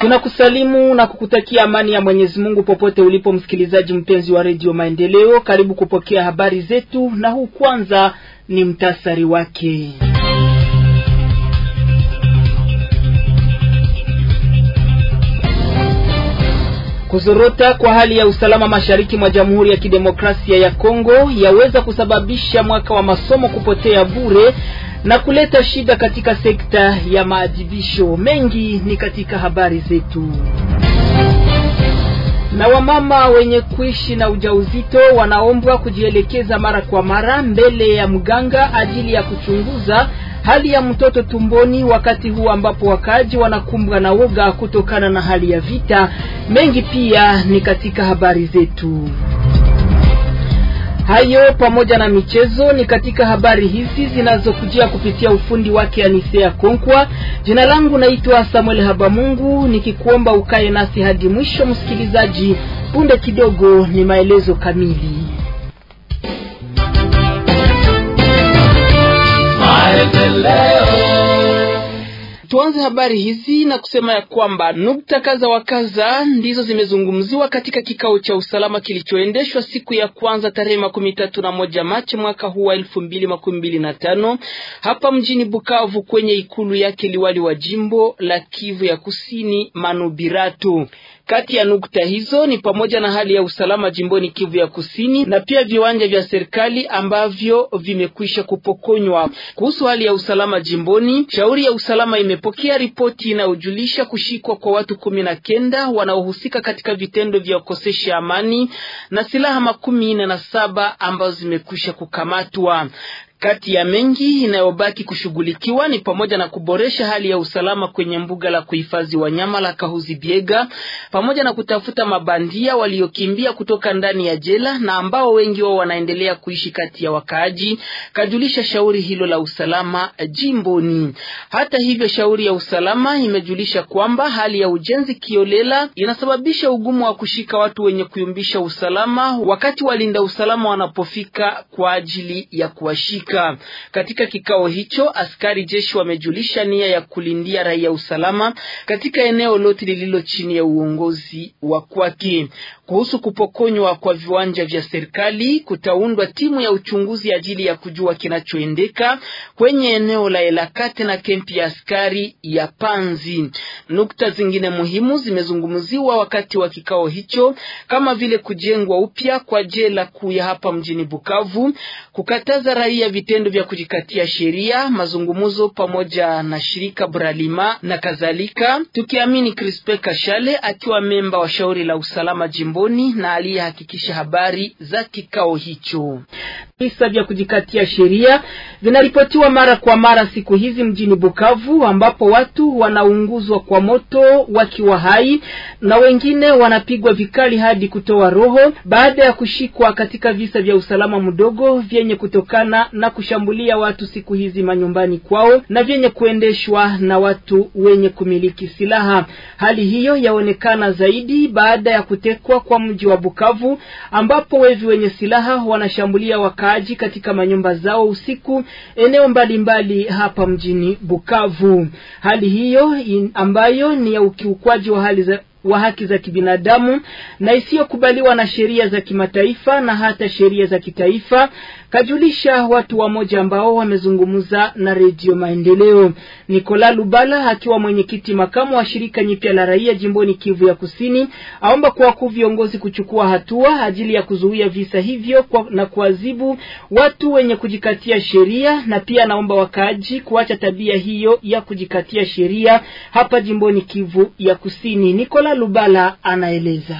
Tunakusalimu na kukutakia amani ya Mwenyezi Mungu popote ulipo, msikilizaji mpenzi wa Redio Maendeleo. Karibu kupokea habari zetu, na huu kwanza ni mtasari wake. Kuzorota kwa hali ya usalama mashariki mwa Jamhuri ya Kidemokrasia ya Kongo yaweza kusababisha mwaka wa masomo kupotea bure na kuleta shida katika sekta ya maadhibisho. Mengi ni katika habari zetu. Na wamama wenye kuishi na ujauzito wanaombwa kujielekeza mara kwa mara mbele ya mganga ajili ya kuchunguza hali ya mtoto tumboni, wakati huu ambapo wakaaji wanakumbwa na woga kutokana na hali ya vita. Mengi pia ni katika habari zetu. Hayo pamoja na michezo ni katika habari hizi zinazokujia kupitia ufundi wake Anisea Konkwa. Jina langu naitwa Samuel Habamungu, nikikuomba ukae nasi hadi mwisho msikilizaji. Punde kidogo ni maelezo kamili. Maendeleo Tuanze habari hizi na kusema ya kwamba nukta kaza wa kaza ndizo zimezungumziwa katika kikao cha usalama kilichoendeshwa siku ya kwanza tarehe makumi tatu na moja Machi mwaka huu wa elfu mbili makumi mbili na tano hapa mjini Bukavu kwenye ikulu yake liwali wa jimbo la Kivu ya Kusini Manubiratu. Kati ya nukta hizo ni pamoja na hali ya usalama jimboni Kivu ya Kusini na pia viwanja vya serikali ambavyo vimekwisha kupokonywa. Kuhusu hali ya usalama jimboni, shauri ya usalama imepokea ripoti inayojulisha kushikwa kwa watu kumi na kenda wanaohusika katika vitendo vya ukosesha amani na silaha makumi nne na saba ambazo zimekwisha kukamatwa. Kati ya mengi inayobaki kushughulikiwa ni pamoja na kuboresha hali ya usalama kwenye mbuga la kuhifadhi wanyama la Kahuzi Biega, pamoja na kutafuta mabandia waliokimbia kutoka ndani ya jela na ambao wengi wao wanaendelea kuishi kati ya wakaaji, kajulisha shauri hilo la usalama jimboni. Hata hivyo, shauri ya usalama imejulisha kwamba hali ya ujenzi kiolela inasababisha ugumu wa kushika watu wenye kuyumbisha usalama wakati walinda usalama wanapofika kwa ajili ya kuwashika kuhusika. Katika kikao hicho, askari jeshi wamejulisha nia ya kulindia raia usalama katika eneo lote lililo chini ya uongozi wa kwake kuhusu kupokonywa kwa viwanja vya serikali, kutaundwa timu ya uchunguzi ajili ya kujua kinachoendeka kwenye eneo la Elakate na kempi ya askari ya Panzi. Nukta zingine muhimu zimezungumziwa wakati wa kikao hicho kama vile kujengwa upya kwa jela kuu ya hapa mjini Bukavu, kukataza raia vitendo vya kujikatia sheria, mazungumzo pamoja na shirika Bralima na kadhalika, tukiamini Crispe Kashale akiwa memba wa shauri la usalama jimbo Ngamboni na aliyehakikisha habari za kikao hicho. Visa vya kujikatia sheria vinaripotiwa mara kwa mara siku hizi mjini Bukavu, ambapo watu wanaunguzwa kwa moto wakiwa hai na wengine wanapigwa vikali hadi kutoa roho baada ya kushikwa katika visa vya usalama mdogo vyenye kutokana na kushambulia watu siku hizi manyumbani kwao na vyenye kuendeshwa na watu wenye kumiliki silaha. Hali hiyo yaonekana zaidi baada ya kutekwa kwa mji wa Bukavu ambapo wezi wenye silaha wanashambulia wakaaji katika manyumba zao usiku eneo mbalimbali mbali hapa mjini Bukavu. Hali hiyo in, ambayo ni ya ukiukwaji wa hali za wa haki za kibinadamu na isiyokubaliwa na sheria za kimataifa na hata sheria za kitaifa kajulisha watu wamoja ambao wamezungumza na Redio Maendeleo. Nikola Lubala akiwa mwenyekiti makamu wa shirika nyipya la raia jimboni Kivu ya Kusini aomba kwa viongozi kuchukua hatua ajili ya kuzuia visa hivyo kwa, na kuadhibu watu wenye kujikatia sheria, na pia anaomba wakaaji kuacha tabia hiyo ya kujikatia sheria hapa jimboni Kivu ya Kusini. Nikola Lubala anaeleza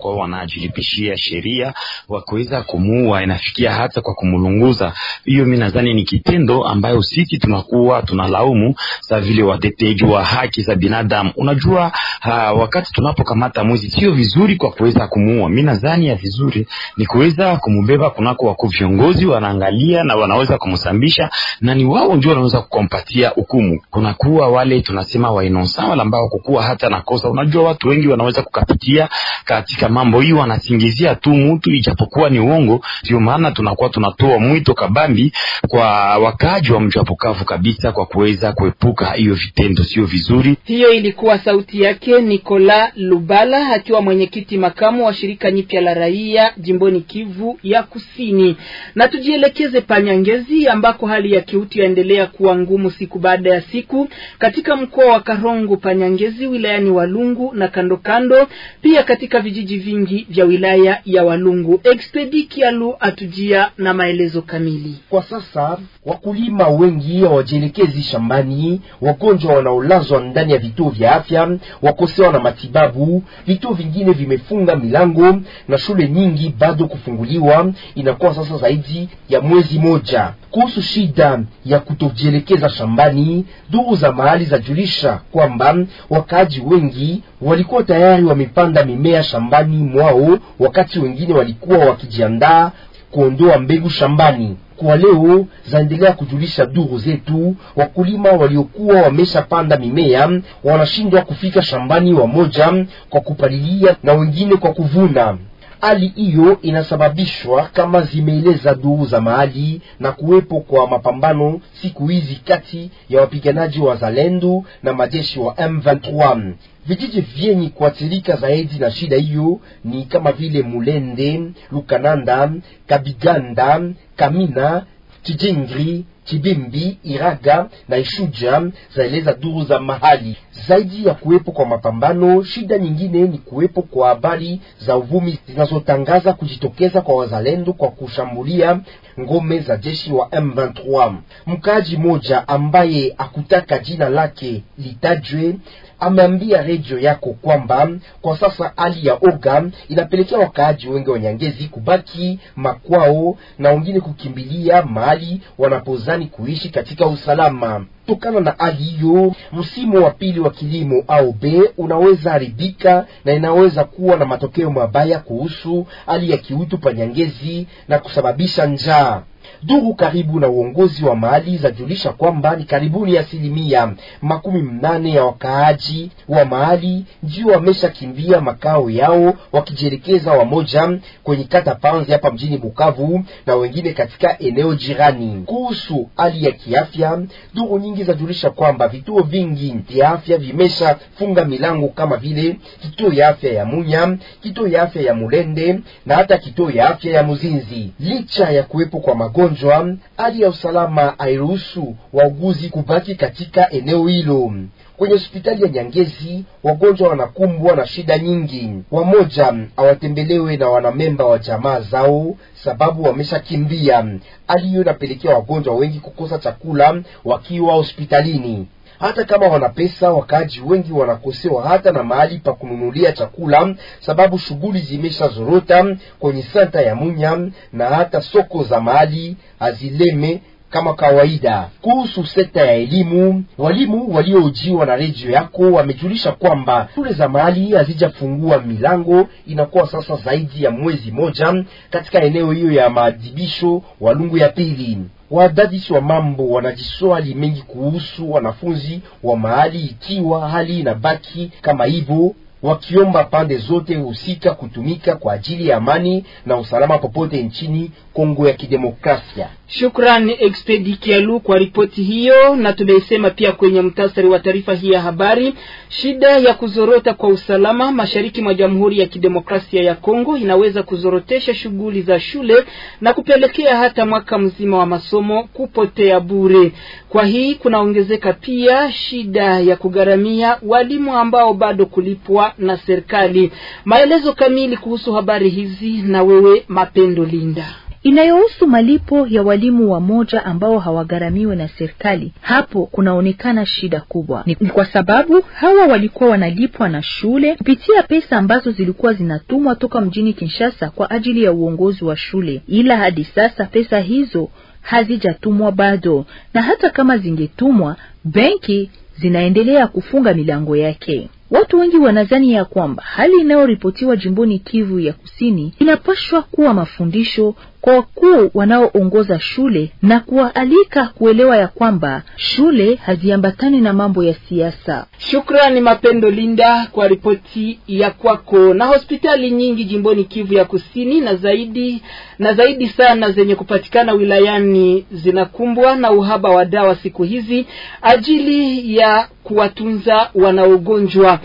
kwa wanajilipishia sheria wa kuweza kumuua, inafikia hata kwa kumlunguza. Hiyo mimi nadhani ni kitendo ambayo sisi tunakuwa tunalaumu za vile wateteji wa haki za binadamu. Unajua ha, wakati tunapokamata mwizi sio vizuri kwa kuweza kumuua. Mimi nadhani ya vizuri ni kuweza kumubeba kunako wako viongozi wanaangalia na wanaweza kumsambisha, na ni wao ndio wanaweza kukompatia hukumu. Kunakuwa wale tunasema wainosa wale ambao kukuwa hata na kosa. Unajua watu wengi wanaweza kukapitia katika mambo hiyo anasingizia tu mtu, ijapokuwa ni uongo. Ndio maana tunakuwa tunatoa mwito kabambi kwa wakaaji wa mji wa Bukavu kabisa kwa kuweza kuepuka hiyo vitendo, sio vizuri. Hiyo ilikuwa sauti yake Nikola Lubala akiwa mwenyekiti makamu wa shirika nyipya la raia jimboni Kivu ya Kusini. Na tujielekeze Panyangezi ambako hali ya kiutu yaendelea kuwa ngumu siku baada ya siku katika mkoa wa Karongo, Panyangezi wilayani Walungu na kando kando, pia katika vijiji vingi vya wilaya ya Walungu. Expedi Kialu atujia na maelezo kamili. Kwa sasa wakulima wengi hawajielekezi shambani, wagonjwa wanaolazwa ndani ya vituo vya afya wakosewa na matibabu, vituo vingine vimefunga milango na shule nyingi bado kufunguliwa, inakuwa sasa zaidi ya mwezi moja. Kuhusu shida ya kutojielekeza shambani, duru za mahali zajulisha kwamba wakaaji wengi walikuwa tayari wamepanda mimea shambani mwao, wakati wengine walikuwa wakijiandaa kuondoa mbegu shambani. Kwa leo zaendelea kujulisha duru zetu, wakulima waliokuwa wameshapanda mimea wanashindwa kufika shambani, wamoja kwa kupalilia na wengine kwa kuvuna. Hali hiyo inasababishwa kama zimeeleza duu za mahali na kuwepo kwa mapambano siku hizi kati ya wapiganaji wa Zalendu na majeshi wa M23. Vijiji vyenye kuathirika zaidi na shida hiyo ni kama vile Mulende, Lukananda, Kabiganda, Kamina, Kijingri chibimbi Iraga na Ishuja zaeleza duru za mahali. Zaidi ya kuwepo kwa mapambano, shida nyingine ni kuwepo kwa habari za uvumi zinazotangaza kujitokeza kwa wazalendo kwa kushambulia ngome za jeshi wa M23. Mkaaji moja ambaye akutaka jina lake litajwe ameambia redio yako kwamba kwa sasa hali ya oga inapelekea wakaaji wengi wa Nyangezi kubaki makwao na wengine kukimbilia mahali wanapozani kuishi katika usalama kutokana na hali hiyo, msimu wa pili wa kilimo au B unaweza haribika na inaweza kuwa na matokeo mabaya kuhusu hali ya kiutu panyangezi na kusababisha njaa. Duru karibu na uongozi wa mahali zajulisha kwamba ni karibuni asilimia makumi mnane ya wakaaji wa mahali ndio wameshakimbia makao yao wakijielekeza wamoja kwenye kata Panzi hapa mjini Bukavu na wengine katika eneo jirani. Kuhusu hali ya kiafya, duru nyingi zajulisha kwamba vituo vingi vya afya vimeshafunga milango kama vile kituo ya afya ya Munya, kituo ya afya ya Mulende na hata kituo ya afya ya Muzinzi licha ya kuwepo kwa magonjwa magonjwa, hali ya usalama hairuhusu wauguzi kubaki katika eneo hilo. Kwenye hospitali ya Nyangezi wagonjwa wanakumbwa na shida nyingi. Wamoja hawatembelewe na wanamemba wa jamaa zao sababu wameshakimbia. Hali hiyo inapelekea wagonjwa wengi kukosa chakula wakiwa hospitalini. Hata kama wana pesa, wakaaji wengi wanakosewa hata na mahali pa kununulia chakula, sababu shughuli zimeshazorota kwenye santa ya Munya na hata soko za mahali hazileme kama kawaida. Kuhusu sekta ya elimu, walimu waliohojiwa na redio yako wamejulisha kwamba shule za mahali hazijafungua milango, inakuwa sasa zaidi ya mwezi moja katika eneo hiyo ya maadhibisho Walungu ya pili. Wadadisi wa mambo wanajiswali mengi kuhusu wanafunzi wa mahali, ikiwa hali inabaki kama hivyo, wakiomba pande zote husika kutumika kwa ajili ya amani na usalama popote nchini Kongo ya Kidemokrasia. Shukrani Expedi Kialu kwa ripoti hiyo, na tumeisema pia kwenye mtasari wa taarifa hii ya habari. Shida ya kuzorota kwa usalama mashariki mwa Jamhuri ya Kidemokrasia ya Kongo inaweza kuzorotesha shughuli za shule na kupelekea hata mwaka mzima wa masomo kupotea bure. Kwa hii kunaongezeka pia shida ya kugharamia walimu ambao bado kulipwa na serikali. Maelezo kamili kuhusu habari hizi na wewe Mapendo Linda inayohusu malipo ya walimu wa moja ambao hawagharamiwe na serikali. Hapo kunaonekana shida kubwa, ni kwa sababu hawa walikuwa wanalipwa na shule kupitia pesa ambazo zilikuwa zinatumwa toka mjini Kinshasa kwa ajili ya uongozi wa shule, ila hadi sasa pesa hizo hazijatumwa bado, na hata kama zingetumwa, benki zinaendelea kufunga milango yake. Watu wengi wanadhani ya kwamba hali inayoripotiwa jimboni Kivu ya Kusini inapashwa kuwa mafundisho kwa wakuu wanaoongoza shule na kuwaalika kuelewa ya kwamba shule haziambatani na mambo ya siasa. Shukrani Mapendo Linda kwa ripoti ya kwako. Na hospitali nyingi jimboni Kivu ya Kusini na zaidi na zaidi sana zenye kupatikana wilayani zinakumbwa na uhaba wa dawa siku hizi ajili ya kuwatunza wanaogonjwa.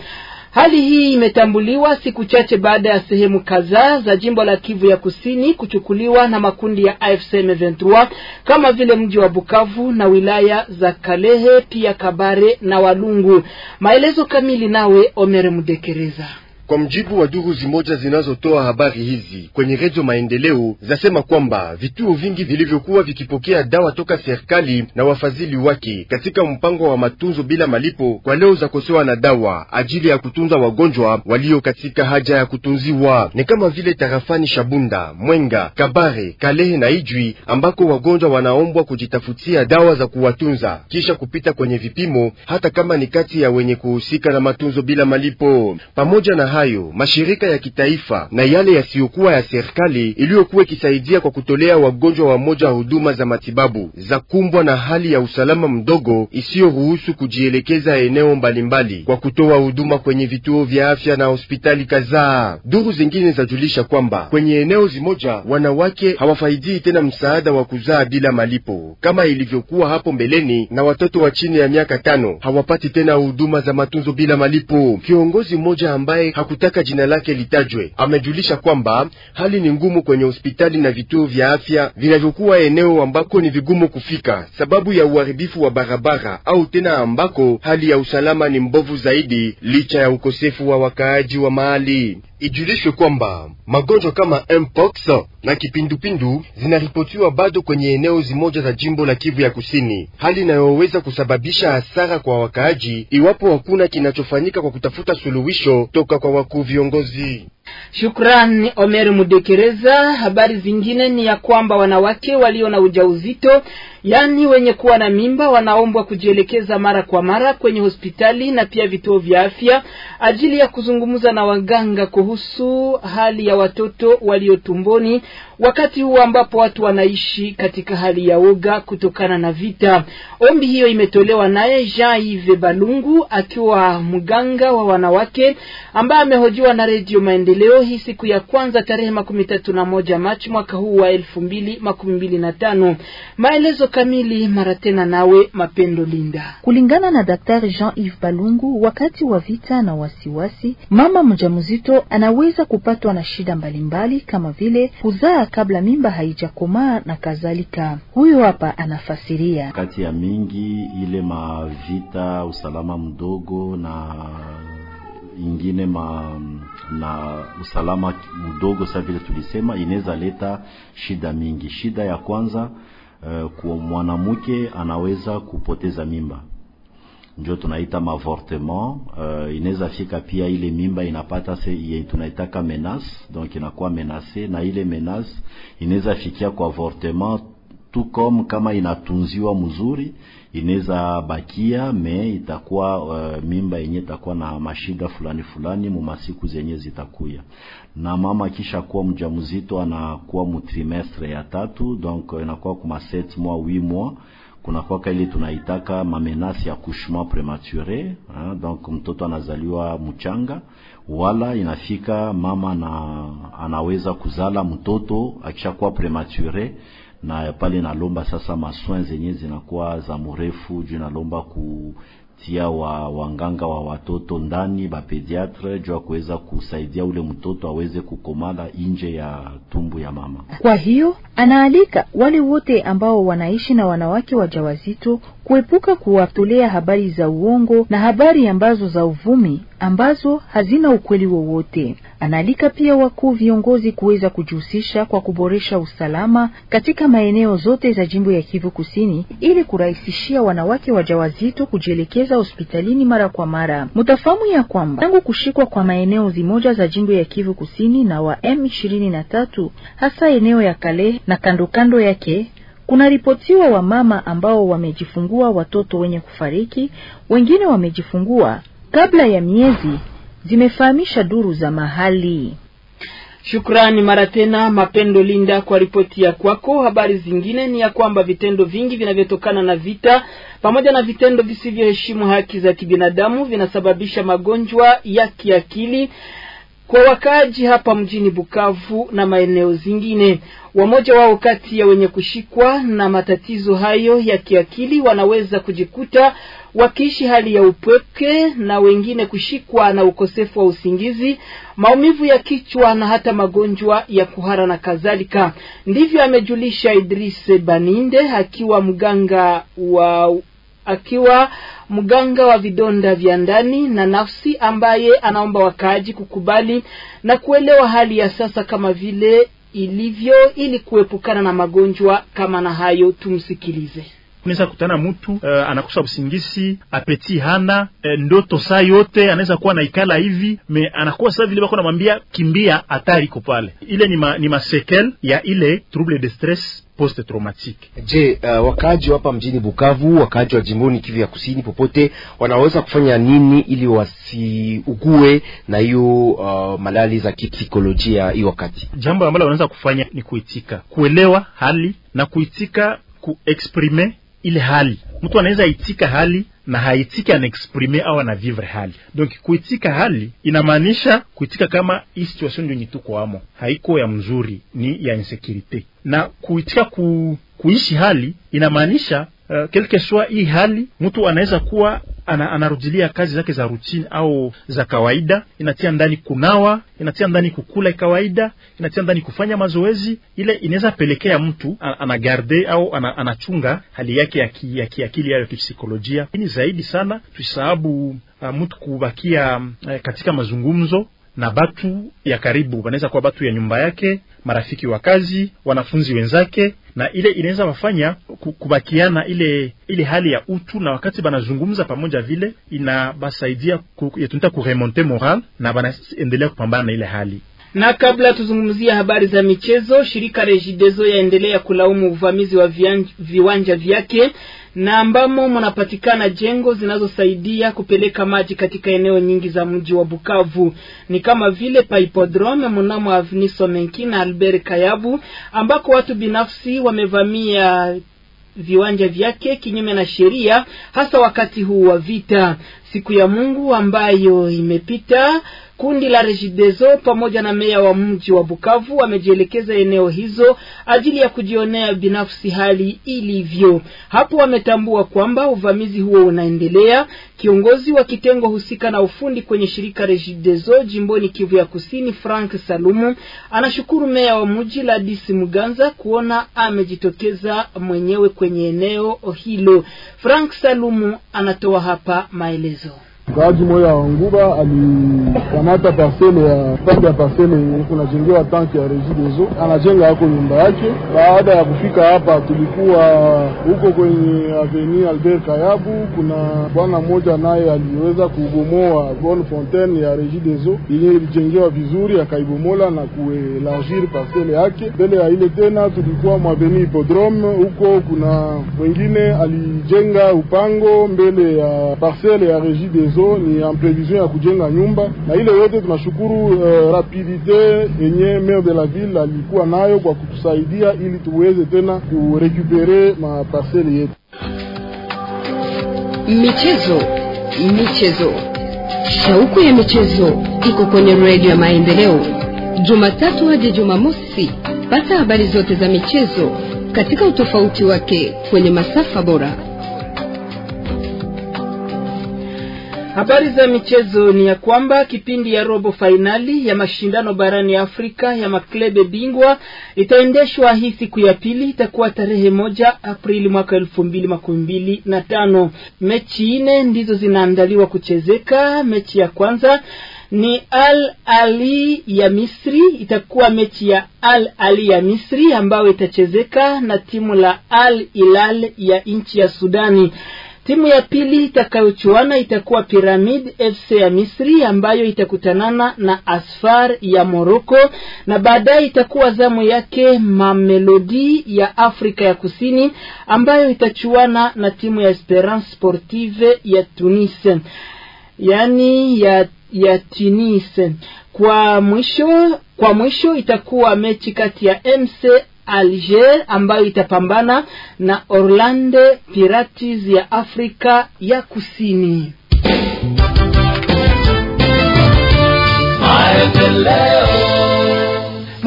Hali hii imetambuliwa siku chache baada ya sehemu kadhaa za jimbo la Kivu ya Kusini kuchukuliwa na makundi ya AFC M23 kama vile mji wa Bukavu na wilaya za Kalehe, pia Kabare na Walungu. Maelezo kamili nawe Omer Mudekereza. Kwa mjibu wa duru zimoja zinazotoa habari hizi kwenye redio Maendeleo, zasema kwamba vituo vingi vilivyokuwa vikipokea dawa toka serikali na wafadhili wake katika mpango wa matunzo bila malipo kwa leo zakosewa na dawa ajili ya kutunza wagonjwa walio katika haja ya kutunziwa, ni kama vile tarafani Shabunda, Mwenga, Kabare, Kalehe na Ijwi ambako wagonjwa wanaombwa kujitafutia dawa za kuwatunza kisha kupita kwenye vipimo, hata kama ni kati ya wenye kuhusika na matunzo bila malipo pamoja na hayo mashirika ya kitaifa na yale yasiyokuwa ya serikali iliyokuwa ikisaidia kwa kutolea wagonjwa wa moja huduma za matibabu za kumbwa na hali ya usalama mdogo isiyoruhusu kujielekeza eneo mbalimbali kwa kutoa huduma kwenye vituo vya afya na hospitali kadhaa. Duru zingine zajulisha kwamba kwenye eneo zimoja wanawake hawafaidii tena msaada wa kuzaa bila malipo kama ilivyokuwa hapo mbeleni, na watoto wa chini ya miaka tano hawapati tena huduma za matunzo bila malipo. Kiongozi mmoja ambaye hakutaka jina lake litajwe. Amejulisha kwamba hali ni ngumu kwenye hospitali na vituo vya afya vinavyokuwa eneo ambako ni vigumu kufika sababu ya uharibifu wa barabara au tena ambako hali ya usalama ni mbovu zaidi licha ya ukosefu wa wakaaji wa mahali. Ijulishwe kwamba magonjwa kama mpox na kipindupindu zinaripotiwa bado kwenye eneo zimoja za jimbo la Kivu ya Kusini, hali inayoweza kusababisha hasara kwa wakaaji iwapo hakuna kinachofanyika kwa kutafuta suluhisho toka kwa wakuu viongozi. Shukran Omer Mudekereza. Habari zingine ni ya kwamba wanawake walio na ujauzito, yaani wenye kuwa na mimba, wanaombwa kujielekeza mara kwa mara kwenye hospitali na pia vituo vya afya ajili ya kuzungumza na waganga kuhusu hali ya watoto walio tumboni wakati huu ambapo watu wanaishi katika hali ya woga kutokana na vita. Ombi hiyo imetolewa naye Jean Yves Balungu akiwa mganga wa wanawake ambaye amehojiwa na Redio Maendeleo hii siku ya kwanza tarehe makumi tatu na moja Machi mwaka huu wa elfu mbili makumi mbili na tano. Maelezo kamili mara tena nawe Mapendo Linda. Kulingana na Daktari Jean Yves Balungu, wakati wa vita na wasiwasi, mama mjamzito anaweza kupatwa na shida mbalimbali mbali, kama vile kuzaa kabla mimba haijakomaa na kadhalika. Huyu hapa anafasiria kati ya mingi ile mavita usalama mdogo na ingine ma na usalama mdogo, saa vile tulisema, inaweza leta shida mingi. Shida ya kwanza uh, eh, kwa mwanamke anaweza kupoteza mimba njo tunaita mavortement uh, inaweza fika pia ile mimba inapata se, tunaitaka menace donc inakuwa menace, na ile menace inaweza fikia kwa avortement tukom kama inatunziwa mzuri inaweza bakia me itakuwa uh, mimba yenye itakuwa na mashida fulani fulani mu masiku zenye zitakuya, na mama kisha kuwa mjamzito anakuwa mu trimestre ya tatu, donc inakuwa kuma 7 mois 8 mois kuna kwaka ile tunaitaka mamenasi ya kushuma premature ha, donc mtoto anazaliwa mchanga, wala inafika mama na anaweza kuzala mtoto akishakuwa premature, na pale nalomba sasa maswin zenye zinakuwa za mrefu juu nalomba ku tia wa wanganga wa watoto ndani bapediatre juu ya kuweza kusaidia ule mtoto aweze kukomala nje ya tumbu ya mama. Kwa hiyo anaalika wale wote ambao wanaishi na wanawake wajawazito kuepuka kuwatolea habari za uongo na habari ambazo za uvumi ambazo hazina ukweli wowote. Anaalika pia wakuu viongozi kuweza kujihusisha kwa kuboresha usalama katika maeneo zote za jimbo ya Kivu Kusini ili kurahisishia wanawake wajawazito kujielekeza hospitalini mara kwa mara. Mutafahamu ya kwamba tangu kushikwa kwa maeneo zimoja za jimbo ya Kivu Kusini na wa M23 hasa eneo ya Kale na kando kando yake wa wamama ambao wamejifungua watoto wenye kufariki, wengine wamejifungua kabla ya miezi, zimefahamisha duru za mahali. Shukrani mara tena Mapendo Linda kwa ripoti ya kwako. Habari zingine ni ya kwamba vitendo vingi vinavyotokana na vita pamoja na vitendo visivyoheshimu haki za kibinadamu vinasababisha magonjwa ya kiakili kwa wakaaji hapa mjini Bukavu na maeneo zingine. Wamoja wao kati ya wenye kushikwa na matatizo hayo ya kiakili wanaweza kujikuta wakiishi hali ya upweke na wengine kushikwa na ukosefu wa usingizi, maumivu ya kichwa na hata magonjwa ya kuhara na kadhalika. Ndivyo amejulisha Idris Baninde akiwa mganga wa akiwa mganga wa vidonda vya ndani na nafsi, ambaye anaomba wakaaji kukubali na kuelewa hali ya sasa kama vile ilivyo ili kuepukana na magonjwa kama na hayo. Tumsikilize. Unaweza kutana mtu uh, anakosa usingizi, apeti hana, e, ndoto saa yote anaweza kuwa naikala hivi me anakuwa sasa vile bako namwambia kimbia, hatari iko pale. Ile ni, ma, ni masekel ya ile trouble de stress post traumatique. Je, uh, eh, wakaji hapa mjini Bukavu, wakaaji wa jimboni Kivu ya Kusini, popote wanaweza kufanya nini ili wasiugue na hiyo uh, malali za kipsikolojia hii wakati? Jambo ambalo wanaweza kufanya ni kuitika, kuelewa hali na kuitika, kuexprime ile hali. Mtu anaweza itika hali na haitiki anaexprime au anavivre hali. Donc kuitika hali inamaanisha kuitika kama hii situation ndio nyituko amo haiko ya mzuri, ni ya insecurite, na kuitika ku, kuishi hali inamaanisha uh, quelque soit hii hali mtu anaweza kuwa ana, anarudilia kazi zake za rutini au za kawaida. Inatia ndani kunawa, inatia ndani kukula kawaida, inatia ndani kufanya mazoezi. Ile inaweza pelekea mtu anagarde au ana, anachunga hali yake ya kiakili ya ki, yayo kipsikolojia. Ni zaidi sana tuisahabu uh, mtu kubakia uh, katika mazungumzo na batu ya karibu, wanaweza kuwa batu ya nyumba yake, marafiki wa kazi, wanafunzi wenzake na ile inaweza wafanya kubakiana ile ile hali ya utu, na wakati banazungumza pamoja vile inabasaidia tunataka kuremonte moral na banaendelea kupambana na ile hali na kabla tuzungumzie habari za michezo, shirika Regideso yaendelea kulaumu uvamizi wa viwanja vyake na ambamo mnapatikana jengo zinazosaidia kupeleka maji katika eneo nyingi za mji wa Bukavu, ni kama vile paipodrome mnamo avniso Somenki na Albert Kayabu, ambako watu binafsi wamevamia viwanja vyake kinyume na sheria, hasa wakati huu wa vita. Siku ya Mungu ambayo imepita Kundi la Rejidezo pamoja na meya wa mji wa Bukavu wamejielekeza eneo hizo ajili ya kujionea binafsi hali ilivyo. Hapo wametambua kwamba uvamizi huo unaendelea. Kiongozi wa kitengo husika na ufundi kwenye shirika Rejidezo jimboni Kivu ya Kusini, Frank Salumu anashukuru meya wa mji ladis Muganza kuona amejitokeza mwenyewe kwenye eneo hilo. Frank Salumu anatoa hapa maelezo. Mkaaji moya wa Nguba alikamata parsele ya pande ya parcele kunajengewa tanki ya Regideso, anajenga hako nyumba yake. Baada ya kufika hapa, tulikuwa huko kwenye aveni Albert Kayabu, kuna bwana mmoja naye aliweza kubomoa bon fontaine ya Regideso yenye ilijengewa vizuri, akaibomola na kuelagir parcele yake. Mbele ya ile tena tulikuwa mwaveni Hippodrome, huko kuna wengine alijenga upango mbele ya parcele ya Regideso hizo ni en ya kujenga nyumba, na ile yote tunashukuru uh, rapidité yenye maire de la ville alikuwa nayo kwa kutusaidia ili tuweze tena kurecupere maparcele yetu. Michezo, michezo, shauku ya michezo iko kwenye redio ya Maendeleo, Jumatatu hadi Jumamosi. Pata habari zote za michezo katika utofauti wake kwenye masafa bora. Habari za michezo ni ya kwamba kipindi ya robo fainali ya mashindano barani Afrika ya maklebe bingwa itaendeshwa hii siku ya pili, itakuwa tarehe moja Aprili mwaka elfu mbili makumi mbili na tano. Mechi nne ndizo zinaandaliwa kuchezeka. Mechi ya kwanza ni Al Ali ya Misri, itakuwa mechi ya Al Ali ya Misri ambayo itachezeka na timu la Al Hilal ya nchi ya Sudani. Timu ya pili itakayochuana itakuwa Pyramid FC ya Misri ambayo itakutanana na Asfar ya Morocco na baadaye itakuwa zamu yake Mamelodi ya Afrika ya Kusini ambayo itachuana na timu ya Esperance Sportive ya Tunis. Yaani ya ya Tunis. Kwa mwisho kwa mwisho itakuwa mechi kati ya MC Alger ambayo itapambana na Orlando Pirates ya Afrika ya Kusini.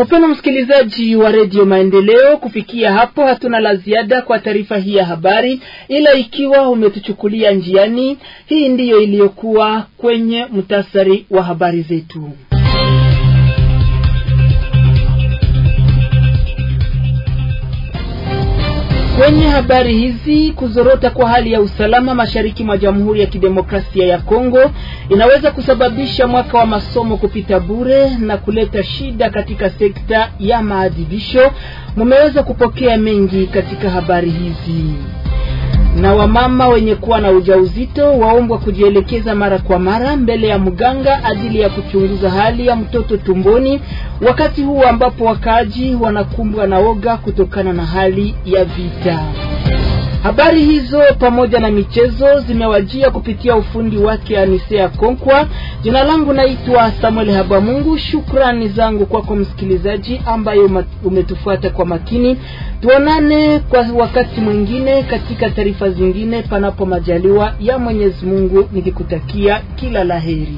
Mpendo msikilizaji wa redio Maendeleo, kufikia hapo hatuna la ziada kwa taarifa hii ya habari, ila ikiwa umetuchukulia njiani, hii ndiyo iliyokuwa kwenye mtasari wa habari zetu. Kwenye habari hizi, kuzorota kwa hali ya usalama mashariki mwa Jamhuri ya Kidemokrasia ya Kongo inaweza kusababisha mwaka wa masomo kupita bure na kuleta shida katika sekta ya maadhibisho. Mumeweza kupokea mengi katika habari hizi na wamama wenye kuwa na ujauzito waombwa kujielekeza mara kwa mara mbele ya mganga ajili ya kuchunguza hali ya mtoto tumboni, wakati huu ambapo wakaaji wanakumbwa na oga kutokana na hali ya vita. Habari hizo pamoja na michezo zimewajia kupitia ufundi wake Anisea Konkwa. Jina langu naitwa Samuel Habamungu. Shukrani zangu kwako msikilizaji ambaye umetufuata kwa makini. Tuonane kwa wakati mwingine katika taarifa zingine, panapo majaliwa ya Mwenyezi Mungu, nikikutakia kila laheri.